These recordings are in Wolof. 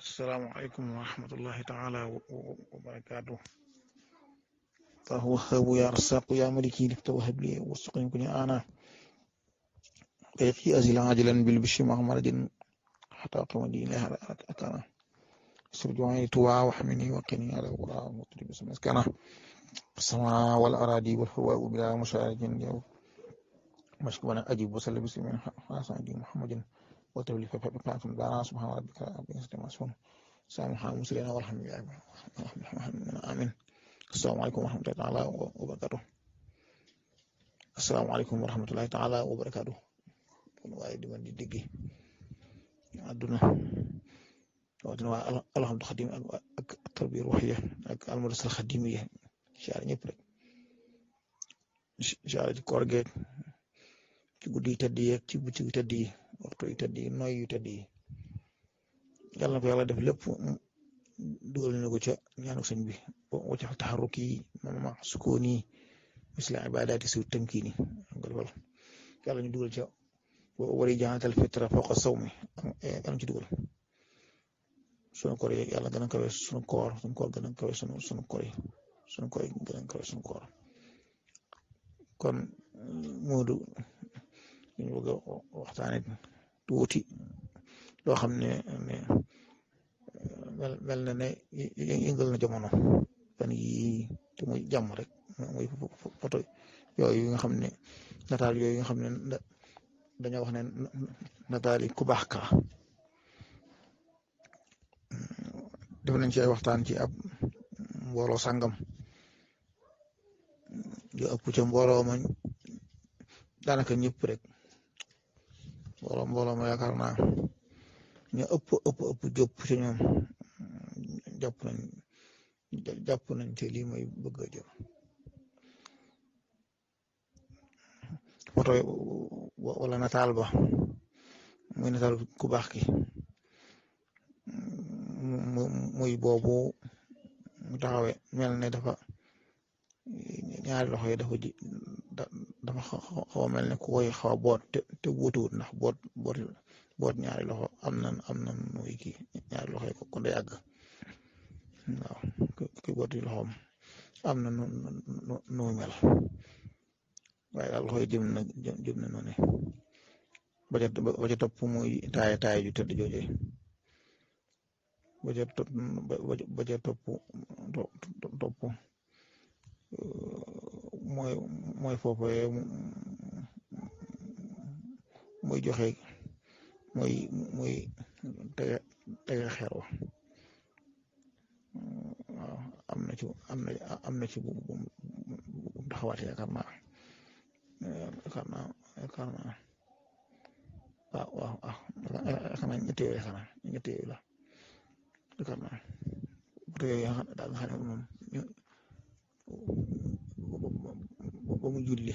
السلام عليكم ورحمة الله تعالى وبركاته فهو وهاب يا رساق يا ملكي لك توهب لي كني أنا ريقي أزيل عاجلا بالبشر مع مرض حتى قمني لها سر استرجعني توعى وحمني وقني على وراء المطلب اسم أسكانا السماء والأراضي والهواء بلا مشارج يوم مشكونا أجيب وسلم بسم الله محمد وتوليفة معكم دارا سبحان ربك رب العزة عما يصفون سامحا المسلمين والحمد لله اللهم محمد آمين السلام عليكم ورحمة الله تعالى وبركاته السلام عليكم ورحمة الله تعالى وبركاته كل واحد من ديجي عدنا وعدنا اللهم تخدم التربية الروحية المدرسة الخدمية شعر نبرك شعر الكورجيت تقول لي تدي تقول لي تدي waxtu yu tëdd yi noy yu tëdd yi yàlla na ko yàlla def lépp mm, dugal ñu ko ca ñaanu sëñ bi waccax taxaruki mama sukuni. misla ibadati su tamkini nga defal yàlla ñu dugal ca wari jaxantal fitra fawqa sawmi eh, am ci dugal sunu koor yi yàlla gën a kawe sunu koor sunu koor gën a kawe sunu sunu koor yi sunu koor yi gën a kawe sunu koor kon Moodu mm, ñu bëgg a waxtaane xam ne ne mel na ne yëngal na jamono fan yii te muy jàmm rek muy photo yooyu nga xam ne nataal yooyu nga xam ne dañoo wax ne nataal yi ku baax nañ ci ay waxtaan ci ab mbooloo sàngam yo ëpp ca mbooloo ma daanaka rek mbooloo mbooloo ma yaakaar naa ñu ëpp ëpp ëpp jëpp ci ñoom jàpp nañ jàpp nañ te lii wala nataal ba muy nataal ku baax ki muy boobu mu taxawee mel ne dafa ñaari loxo yi dafa ji dafa xaw mel ne ku koy xaw a boot te te wóotuwut ndax boot boot boot ñaari loxo am na am na muy kii ñaari loxo yi ko kon day àgg waaw ki boot yi loxoom am na nu nu nu mel waaye daal loxo yi jëm na jëm na noonu ba ca ba ca topp muy taay taay ju tëdd jooje ba ca topp ba ca topp topp. mooy mooy foofu mooy joxe mooy mooy tege tege xeer wa waaw am na ci am na am na ci bu bu bu taxawaatee yaakaar naa yaakaar naa yaakaar ñetti yooyu xanaa ñetti yooyu la yaakaar naa bu daal nga xam ba mu julli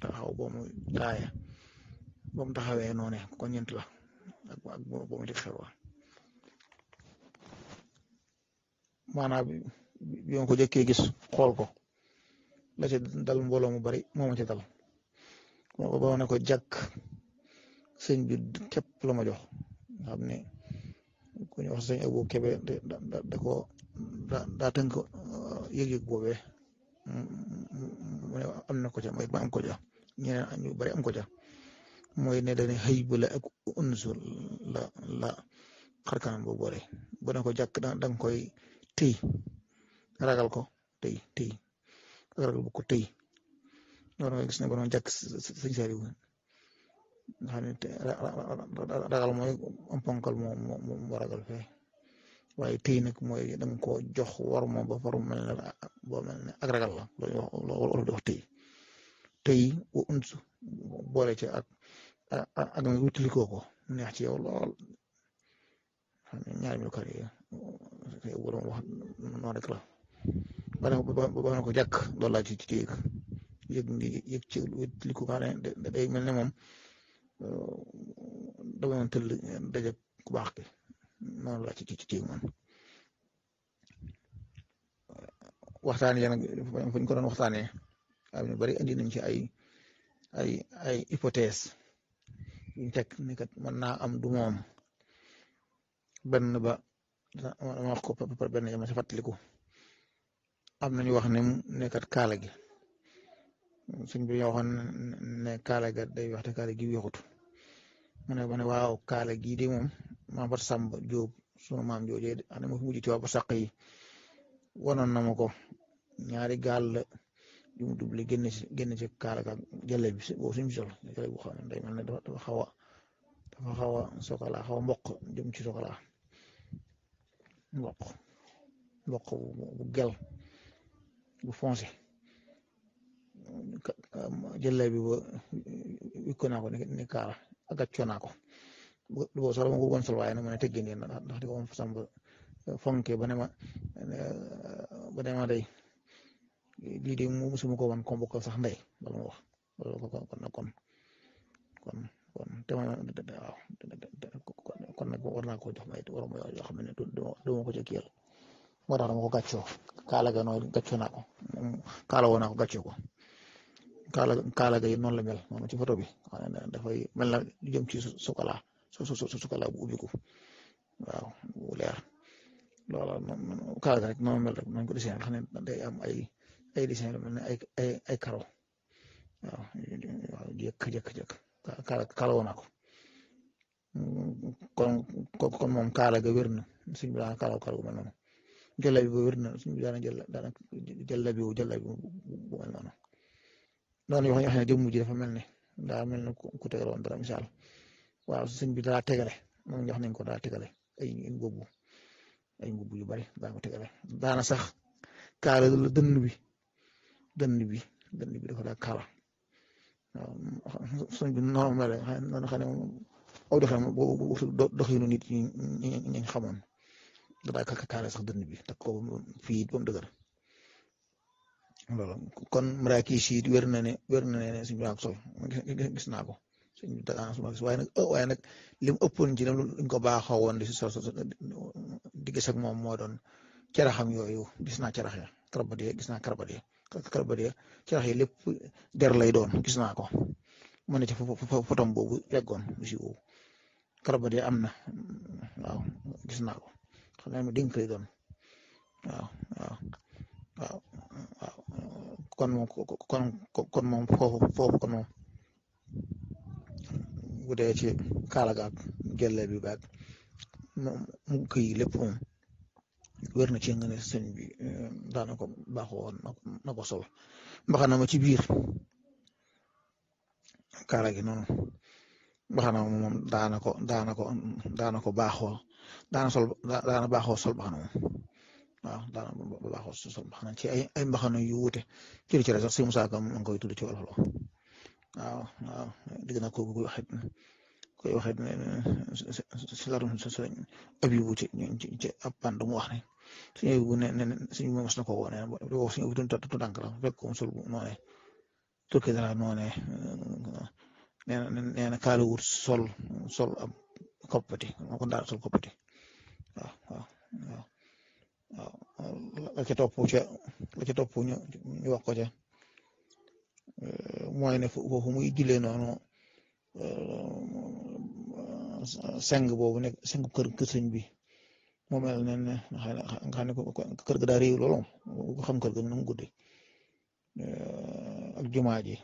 taxaw ba mu taaya ba mu taxawee noone ko ñent la ak ak ba mu def xerwa maanaam bi ma ko jëkkee gis xool ko la ci dal mbooloo mu bari moo ma ci dal ba ne ko jàkk sëñ bi képp la ma xam ne ku ñu wax Abu Kebe da da ko daa tënk uh, yëg-yëg mu ne am na ko ba am ko ca ñeneen ñu bari am ko ca mooy ne dañuy xëy bu la ak unsul la la xarkanam boo boole bu ne ko jàkk da nga koy tëy ragal ko tëy tëy ragal bu ko tëy loolu nga gis ne borom jàkk sëñ Saaliw nga xam ragal mooy am ponkal moo ragal fee waaye tey nag mooy da nga koo jox war moom ba faru mel ne boo mel ne ak ragal la loolu tey tey wa uns boole ci ak ak ak nag wutilikoo ko neex ci yow lool xam ne ñaari mil ba ba ne ko jàkk loolu laa ci ci yëg ci wutiliku ne day mel ne moom euh, dama tëll baax noonu la ci ci ci moom waxtaan ya nag fu ñu ko doon waxtaanee am ñu bari indi nañ ci ay ay ay hypothèse yuñ teg ne kat mën naa am du moom benn ba dama wax ko par benn yama si fàttaliku am nañu wax ne ne kat kaala gi suñ bi waxoon ne kaala ga day wax te kaala gi weexut mu ne ne waaw kaala gii de moom maam Bata Samb Diop suma maam joojee anam fi mujj ci waa Basaq yi wanoon na ma ko ñaari gaal la yu mu dubli génn ci génn ci kaala ak jëlle bi boobu sol jëlle ne day mel ne dafa dafa xaw a dafa xaw a sokola xaw a mboq jëm ci sokola mboq mboq bu gel bu foncé jëlle bi ba wikko naa ko ni naa ko lu ko soxla ma ko bëggoon sol ne teggin yéen ndax di ko moom sàmb fonke ba ne ma ba ne ma day lii de mu musuma ko wan kombu sax ndey loolu ma wax kon kon kon kon te ma waaw koo jox may war ma yoo xam ne du ma ko ca kiyal moo tax ko gàccoo kaala ga noonu gàccoo naa ko kaala ko gàccoo ko kaala kaala ga yi noonu la mel noonu ci bi su su su su kala bu ubbi ko waaw bu leer loola noonu kala rek noonu mel rek noonu ko dessiné xam ne day am ay ay dessin lu mel ne ay ay ay karo waaw waaw jëkk jëkk jëkk kala kala woon naa ko kon kon moom kaala ga wér na suñ bi daan kaala kaala gu mel noonu jëllabi bu wér na suñ bi daan jël daan jëllabi wu jëllabi bu mel noonu noonu yoo xam ne jëmm ji dafa mel ne daa mel ne ku tegeroon dara misaal waaw sëñ bi dalaa tegale moom jox nañ ko dalaa tegale ay ngóobu ay ngóobu yu bari daa ko tegale daana sax kaala la dënn bi dënn bi dënn bi dafa daa kaala waaw sëñ bi noonu la noonu xam ne moom doxinu nit ñi ñi xamoon dafa daa kaala sax dënn bi te ko fii it ba mu dëgër kon Marrakech yi wér na ne wér na ne suñu naa ko. suñu déclenche ma gis waaye nag oh, waaye nag li mu ëppoon ko baaxoo woon li moom moo doon ceraxam yooyu gis naa cerax ya karabade gis naa karabade karabade yi lépp der lay doon gis naa ko ne ci fotom boobu yeggoon aussi boobu karabade am na waaw gis naa ko xam doon waaw waaw waaw kon moom kon kon kon moom bu dee ci kaala gaag jëlle bi baag mu kii lépp moom wér na ci nga ne sëñ bi eh, daana ko baaxoo sol mbaxana ma ci biir kaala gi noonu mbaxana ma moom daana ko daana ko daana ko baaxoo daana sol daana baaxoo sol mbaxana moom waaw daana baaxoo sol mbaxana ci ay ay mbaxana yu wuute ci li ci rek sax si Musaa Ka moom koy tudd ci wàllu waaw waaw dégg naa koy waxit koy waxit si larum sëñ abibu ci ci ab band mu wax ne suñu abibu ne ne suñu mos na ko woo nee na boo suñu abibu tu tànk la fekk ko musul noone sol sol ab koppati moo ko sol koppati waaw waaw la ca topp ñu ñu ko ca mooy ne foofu muy jullee euh, seng boobu nekk seng kër kër sëñ bi moo mel ne ne nga xam kër ga daa réew loolu ko xam kër ga nu euh, ak jumaa ji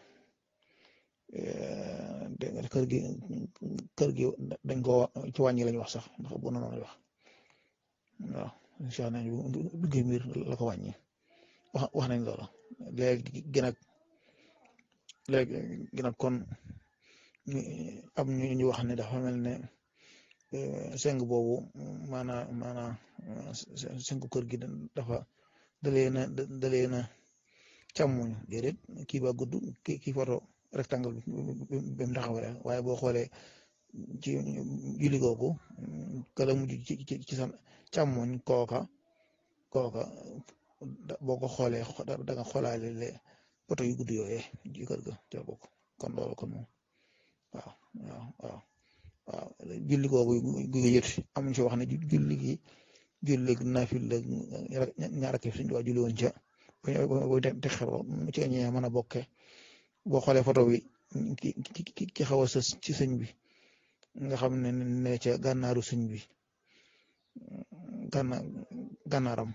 euh, kër gi gi dañ ko ci wàññi lañ wax sax ndax bu noonu wax wax nañ loolu léegi gën léegi kon am ñu ñu wax ne dafa mel ne e, seng boobu maanaam maanaam sengu kër gi dafa dalee na dalee na càmmuñu déedéet kii ba gudd kii kii foto rectangle bi bi mu taxaw rek waaye boo xoolee ci julli googu kala mujj ci ci ci sa càmmuñ kooka kooka boo ko xoolee da nga xoolaale poto yu gudd yooyee ji kër ga ca bokk kon loolu kon moom waaw waaw waaw waaw julli googu gu yët fi wax ne julli gi julli naafil la ñaar ak suñ waa julli ci mën a bokke boo xoolee photo bi ki ci sëñ bi nga xam ne ne ca gànnaaru sëñ bi gànna gànnaaram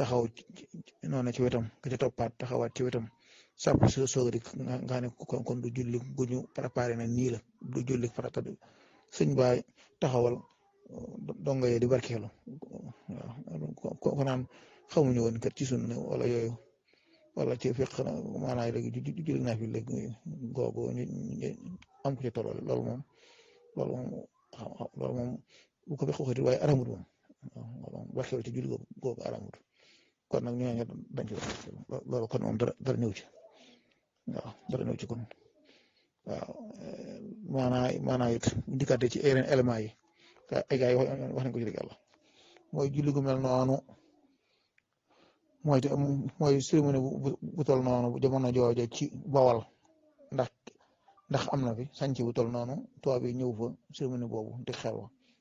taxaw noonu ci wetam nga ca toppaat taxawaat ci wetam sàpp si soog di nga ne kon kon du julli gu ñu préparé na nii la du julli farata du sëñ baay taxawal uh, dongo yee di barkeelu waaw ko naan xamuñu woon kat ci wala yooyu wala ci fiq na maanaam léegi julli fi léegi googu am ko ci tolol loolu moom loolu moom loolu moom bu ko fekk waxati waaye aramut moom waaw barkeelu ci julli googu aramut kon nag ñooñu dañ ci loolu kon moom dara dara ñëw ci waaw dara ñëw ci kon waaw eh, maanaa maanaa it ci yeneen éléments yi ay wax nañ ko ci dëgg yàlla mooy julli gu mel noonu mooy mooy cérémonie bu bu toll noonu bu jamono jooja ci bawal ndax ndax am na fi sànc bu toll noonu tubaab yi ñëw fa cérémonie boobu di xew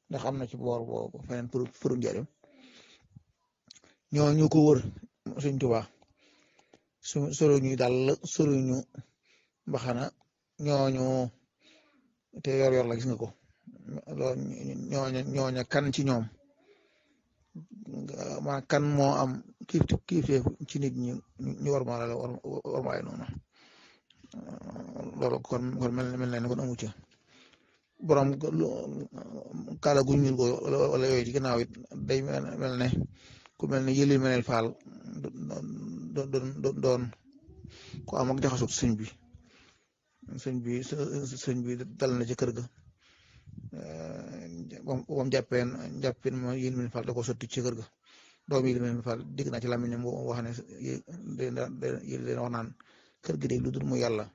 ndax am na ci boor boobu feneen pour pour njëriñ ñoo ñu ko wër suñ tubaa su soluñu mbaxana ñooñu te yor yor la gis nga ko loolu kan ci ñoom maanaam kan moo am kiif kiif ci nit ñi ñu war maa la war kon kon mel mel ne kon amu ci borom kàlla gu ñuul ko wala yooyu ci ginnaaw ku mel ne yële meneel faal do do doon ku am ak jaxasut sëñ bi sëñ bi sëñ bi dal na ci kër ga moom jàppee jàppee moom yële faal da ko sotti ci kër ga doom yële meneel faal dégg naa ci làmmiñ mu wax de lu dul mu yàlla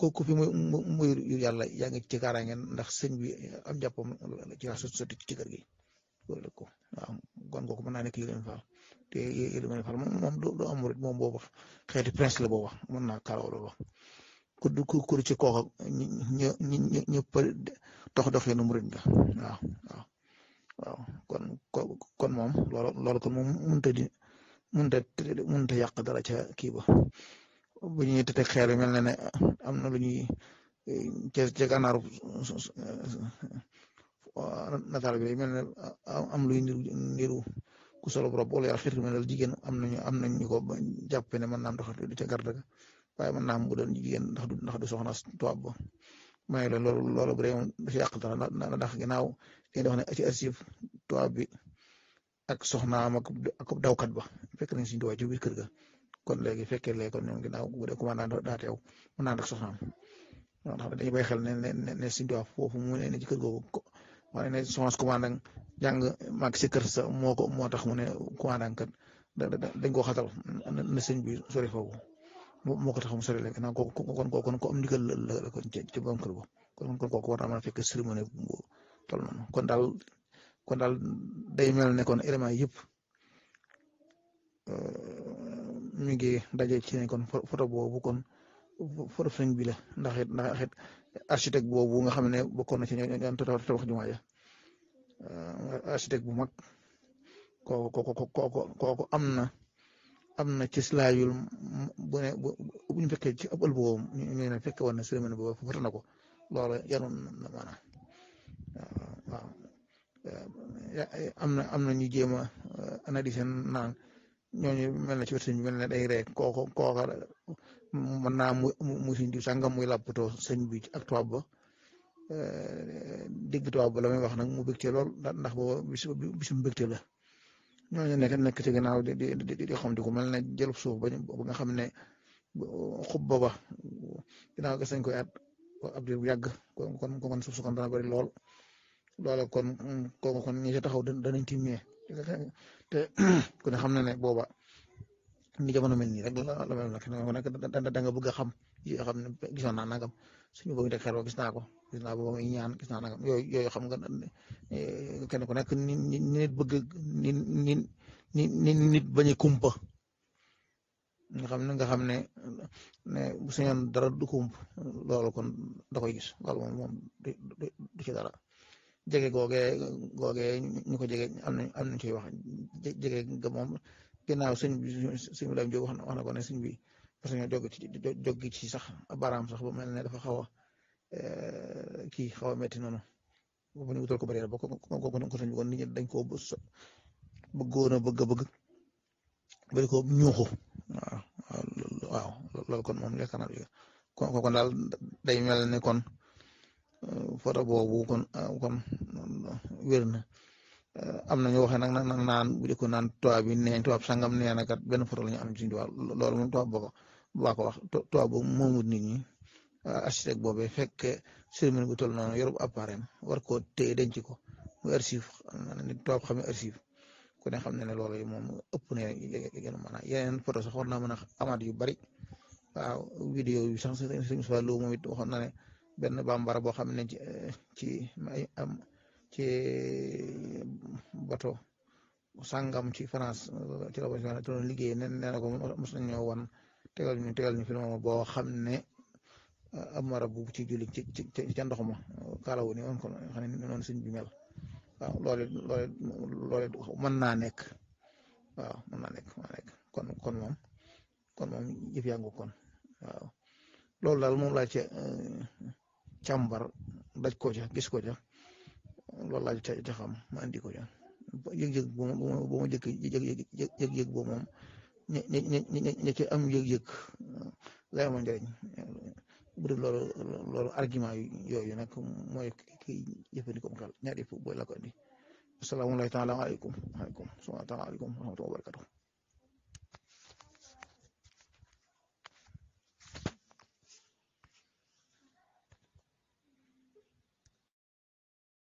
kooku fi muy muy yàlla yaa ngi ci kaaraange ndax sëñ bi am jàppam ci sotti ci gi kooku mën naa nekk Yérémy Fall te Yérémy Fall moom moom du am murit moom boobu prince la booba mën naa karaw loola ku ku ku ci kooka ñu ñu ñu ñu dox dox leen murit nga waaw waaw kon kon moom loolu loolu kon moom mënut di mënut a mënut a yàq dara ca kii ba bu ñuy teg xeer mel na ne am na lu ñuy eh, ca natal bi mel am luy niru ku solo borop wala yaa xirtu mel jigen am nañu am nañ ñu ko jàppe ne man nam ndax du waye man nam bu doon jigen ndax du ndax du soxna toob may la lolu lolu bu rew ci dara na ginaaw dox ci asif toob bi ak soxnaam ak ak dawkat ba fekk nañ suñu waju ga kon legi fekkee le kon ñoom ginaaw bu dee man da tew man naan ak soxnaam ndax dañuy bay xel ne ne ne suñu mu ci kër gogo wane ne semence commandant jàng màgg si kër moo ko moo tax mu ne commandant kat dañ koo xatal na sëñ bi sori foofu moo ko tax mu sori léegi nag kooku kon kooku kon ko am ndigal la la kon ci borom kër ba kon kon kooku war fekk cérémonie bu toll noonu kon daal kon daal day mel ne kon élément yëpp mi euh, ngi daje ci ne kon photo boobu kon. for sëñ bi la ndax it ndax it nga xam ne bokkoon na ci ñoom ñoo doon tabax euh, bu mag kooku kooku kooku kooku am na am na ci slaayul bu ne bu ñu fekkee ci ab ëll ne fekke woon na ko loolu yanoon na maanaam euh, waaw euh, am na am na ñu jéem a analyser naan ñooñu mel na ci wet sëñ mel na day rek kooku mën naa mu mu suñ diw sàngam muy làppatoo sëñ bi ak tubaab ba eh, dégg tubaab ba la muy wax nag mu bégte lool ndax booba bisu bisu bégte la ñooñu nekk nekk ci ginnaaw di di di xam te ku mel ne jël suuf ba nga xam ne xub booba ginnaaw gas nañ koy at ab bu yàgg kon kon suuf su kon dana bëri lool loola kon kooku kon ñi ca taxaw danañ timmee te ku ne xam na ne booba. ni jamono mel nii rek la la mel nag da nga bëgg a xam yoo xam ne gisoon naa nangam suñu bëgg teg xel gis naa ko gis naa boobu muy ñaan gis naa nangam yooyu yooyu xam nga eh, kenn ku nekk ni ni nit bëgg kumpa nga xam ne nga xam ne ne bu suñoon dara du kump loolu kon da koy gis loolu moom moom du ci dara jege googee googee ñu ko jege am nañ am nañ wax ginnaaw sëñ bi sëñ bi daal jóg wax na ko ne sëñ bi parce que ñoo jóg ci jóg ci sax baraam sax ba mel ne dafa xaw a eh, kii xaw a métti noonu bu ñu wutal ko bari ba ko ko ko sëñ bi kon nit ñi dañ koo bëggoon a bëgg a bëgg bari ko ñuuxu waaw waaw loolu kon moom yaakaar naa ko kon daal day mel ne kon eh, photo boobu kon eh, kon wér na. am nañu waxe nak nak naan bu diko naan tubaab bi neen tubaab sangam nee na kat ben photo lañu am ci tubaab loolu mu tubaab boo ko ko wax tubaab bu momut nit ñi architecte bobé fekk cérémonie bu tol non yorub appareil war ko téye denc ko mu archive nit tubaab xam ne archive ku ne xam ne ne loolu moom ëpp na gën a mën yeneen photo sax war naa mën a yu bari waaw vidéo yu sax sax sax lu moom it waxoon na ne ben bambara bo xam ne ci ci am. ci mm, bato sàngam ci France uh, ci la boo doon liggéey nee na ko mos nañoo wan tegal ñu tegal ñu xam ne uh, ab marab bu ci julli ci ci ca ndox ma uh, kaalawu ni woon kon xam ne noonu suñ bi mel waaw loolu loolu loolu mën naa nekk waaw mën naa nekk kon kon moom kon moom jëf kon waaw loolu daal moom laa ca càmbar daj ko gis ko loolu laa ci te xam ma andi ko yoon yëg-yëg boobu moom boo ma jëkk yëg-yëg moom ña ña ña ña am yëg-yëg lay njariñ njëriñ bu dee loolu loolu argument yooyu nag mooy kii jëfandikoo mu xel ñaar yëpp booy la ko indi asalaamaaleykum taala aleykum aleykum salaam taala aleykum wa rahmatulah wa barakatuh